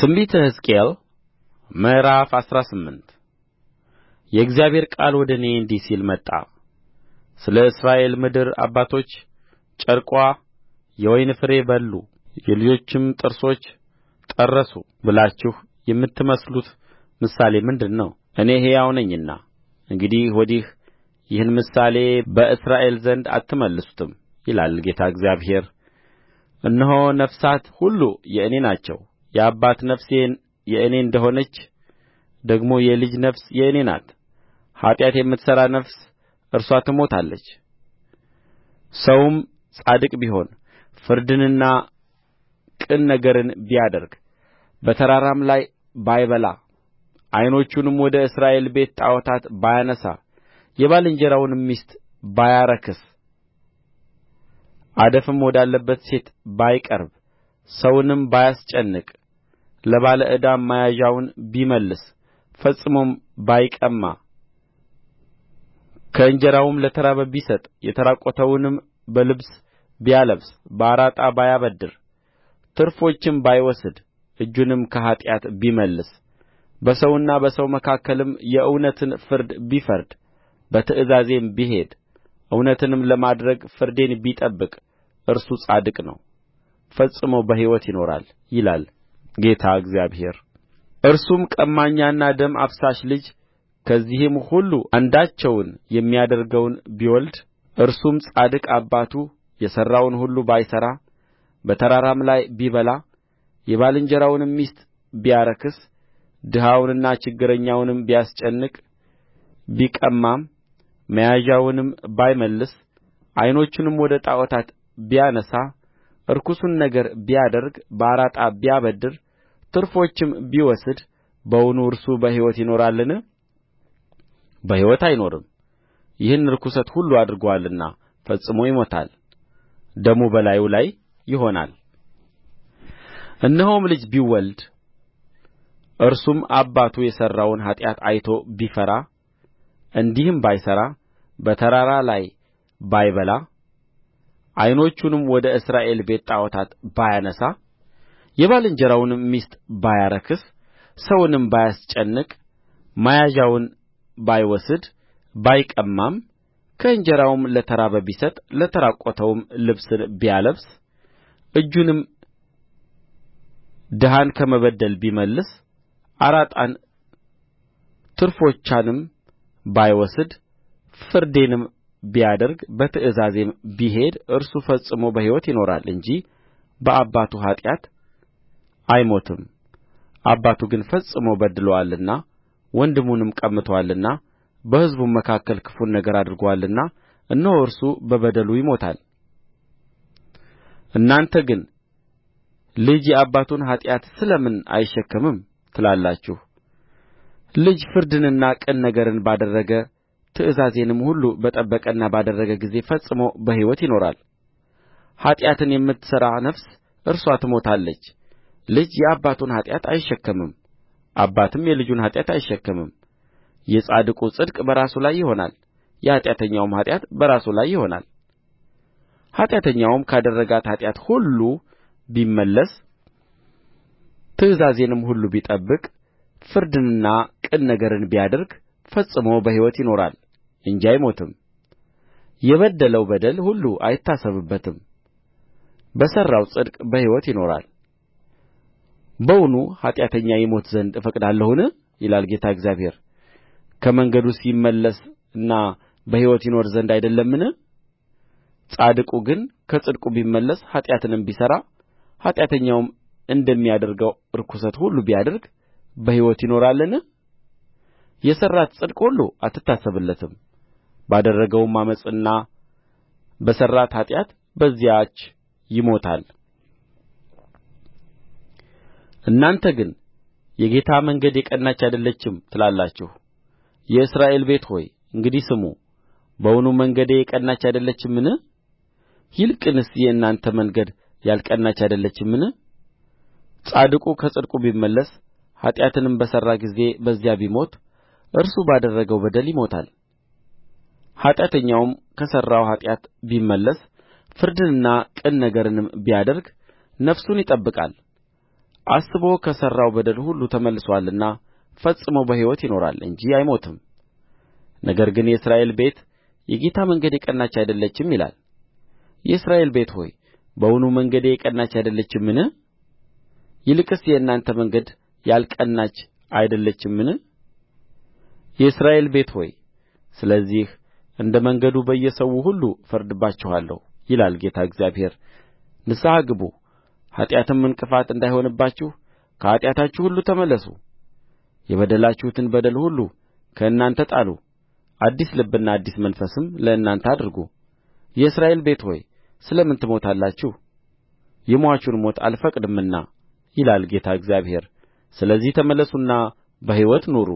ትንቢተ ሕዝቅኤል ምዕራፍ አስራ ስምንት የእግዚአብሔር ቃል ወደ እኔ እንዲህ ሲል መጣ ስለ እስራኤል ምድር አባቶች ጨርቋ የወይን ፍሬ በሉ የልጆችም ጥርሶች ጠረሱ ብላችሁ የምትመስሉት ምሳሌ ምንድር ነው እኔ ሕያው ነኝና እንግዲህ ወዲህ ይህን ምሳሌ በእስራኤል ዘንድ አትመልሱትም ይላል ጌታ እግዚአብሔር እነሆ ነፍሳት ሁሉ የእኔ ናቸው የአባት ነፍስ የእኔ እንደ ሆነች ደግሞ የልጅ ነፍስ የእኔ ናት ኃጢአት የምትሠራ ነፍስ እርስዋ ትሞታለች ሰውም ጻድቅ ቢሆን ፍርድንና ቅን ነገርን ቢያደርግ በተራራም ላይ ባይበላ ዓይኖቹንም ወደ እስራኤል ቤት ጣዖታት ባያነሣ የባልንጀራውንም ሚስት ባያረክስ አደፍም ወዳለበት ሴት ባይቀርብ ሰውንም ባያስጨንቅ ለባለ ዕዳም መያዣውን ቢመልስ ፈጽሞም ባይቀማ ከእንጀራውም ለተራበ ቢሰጥ የተራቈተውንም በልብስ ቢያለብስ በአራጣ ባያበድር ትርፎችም ባይወስድ እጁንም ከኃጢአት ቢመልስ በሰውና በሰው መካከልም የእውነትን ፍርድ ቢፈርድ በትእዛዜም ቢሄድ እውነትንም ለማድረግ ፍርዴን ቢጠብቅ እርሱ ጻድቅ ነው ፈጽሞ በሕይወት ይኖራል ይላል ጌታ እግዚአብሔር እርሱም ቀማኛና ደም አፍሳሽ ልጅ ከዚህም ሁሉ አንዳቸውን የሚያደርገውን ቢወልድ እርሱም ጻድቅ አባቱ የሠራውን ሁሉ ባይሠራ በተራራም ላይ ቢበላ የባልንጀራውንም ሚስት ቢያረክስ ድሀውንና ችግረኛውንም ቢያስጨንቅ ቢቀማም መያዣውንም ባይመልስ ዐይኖቹንም ወደ ጣዖታት ቢያነሣ ርኩስን ነገር ቢያደርግ በአራጣ ቢያበድር ትርፎችም ቢወስድ በውኑ እርሱ በሕይወት ይኖራልን በሕይወት አይኖርም ይህን ርኵሰት ሁሉ አድርጎአልና ፈጽሞ ይሞታል ደሙ በላዩ ላይ ይሆናል እነሆም ልጅ ቢወልድ እርሱም አባቱ የሠራውን ኃጢአት አይቶ ቢፈራ እንዲህም ባይሠራ በተራራ ላይ ባይበላ ዓይኖቹንም ወደ እስራኤል ቤት ጣዖታት ባያነሣ የባልንጀራውንም ሚስት ባያረክስ ሰውንም ባያስጨንቅ መያዣውን ባይወስድ ባይቀማም ከእንጀራውም ለተራበ ቢሰጥ ለተራቈተውም ልብስን ቢያለብስ እጁንም ድሀን ከመበደል ቢመልስ አራጣን ትርፎቻንም ባይወስድ ፍርዴንም ቢያደርግ በትእዛዜም ቢሄድ እርሱ ፈጽሞ በሕይወት ይኖራል እንጂ በአባቱ ኃጢአት አይሞትም አባቱ ግን ፈጽሞ በድሎአልና ወንድሙንም ቀምቶአልና በሕዝቡም መካከል ክፉን ነገር አድርጎአልና እነሆ እርሱ በበደሉ ይሞታል እናንተ ግን ልጅ የአባቱን ኃጢአት ስለ ምን አይሸከምም ትላላችሁ ልጅ ፍርድንና ቅን ነገርን ባደረገ ትእዛዜንም ሁሉ በጠበቀና ባደረገ ጊዜ ፈጽሞ በሕይወት ይኖራል ኃጢአትን የምትሠራ ነፍስ እርስዋ ትሞታለች ልጅ የአባቱን ኃጢአት አይሸከምም አባትም የልጁን ኃጢአት አይሸከምም የጻድቁ ጽድቅ በራሱ ላይ ይሆናል የኃጢአተኛውም ኃጢአት በራሱ ላይ ይሆናል ኃጢአተኛውም ካደረጋት ኃጢአት ሁሉ ቢመለስ ትእዛዜንም ሁሉ ቢጠብቅ ፍርድንና ቅን ነገርን ቢያደርግ ፈጽሞ በሕይወት ይኖራል እንጂ አይሞትም የበደለው በደል ሁሉ አይታሰብበትም በሠራው ጽድቅ በሕይወት ይኖራል በውኑ ኃጢአተኛ ይሞት ዘንድ እፈቅዳለሁን ይላል ጌታ እግዚአብሔር ከመንገዱስ ይመለስና በሕይወት ይኖር ዘንድ አይደለምን ጻድቁ ግን ከጽድቁ ቢመለስ ኃጢአትንም ቢሠራ ኃጢአተኛውም እንደሚያደርገው ርኵሰት ሁሉ ቢያደርግ በሕይወት ይኖራልን የሠራት ጽድቅ ሁሉ አትታሰብለትም ባደረገውም ዓመፅና በሠራት ኃጢአት በዚያች ይሞታል እናንተ ግን የጌታ መንገድ የቀናች አይደለችም ትላላችሁ የእስራኤል ቤት ሆይ እንግዲህ ስሙ በውኑ መንገዴ የቀናች አይደለችምን ይልቅንስ የእናንተ መንገድ ያልቀናች አይደለችምን ጻድቁ ከጽድቁ ቢመለስ ኃጢአትንም በሠራ ጊዜ በዚያ ቢሞት እርሱ ባደረገው በደል ይሞታል ኃጢአተኛውም ከሠራው ኃጢአት ቢመለስ ፍርድንና ቅን ነገርንም ቢያደርግ ነፍሱን ይጠብቃል አስቦ ከሠራው በደል ሁሉ ተመልሶአልና ፈጽሞ በሕይወት ይኖራል እንጂ አይሞትም ነገር ግን የእስራኤል ቤት የጌታ መንገድ የቀናች አይደለችም ይላል የእስራኤል ቤት ሆይ በውኑ መንገዴ የቀናች አይደለችምን ይልቅስ የእናንተ መንገድ ያልቀናች አይደለችምን የእስራኤል ቤት ሆይ ስለዚህ እንደ መንገዱ በየሰዉ ሁሉ እፈርድባችኋለሁ ይላል ጌታ እግዚአብሔር ንስሐ ግቡ ኃጢአትም ዕንቅፋት እንዳይሆንባችሁ ከኃጢአታችሁ ሁሉ ተመለሱ የበደላችሁትን በደል ሁሉ ከእናንተ ጣሉ አዲስ ልብና አዲስ መንፈስም ለእናንተ አድርጉ የእስራኤል ቤት ሆይ ስለ ምን ትሞታላችሁ የምዋቹን ሞት አልፈቅድምና ይላል ጌታ እግዚአብሔር ስለዚህ ተመለሱና በሕይወት ኑሩ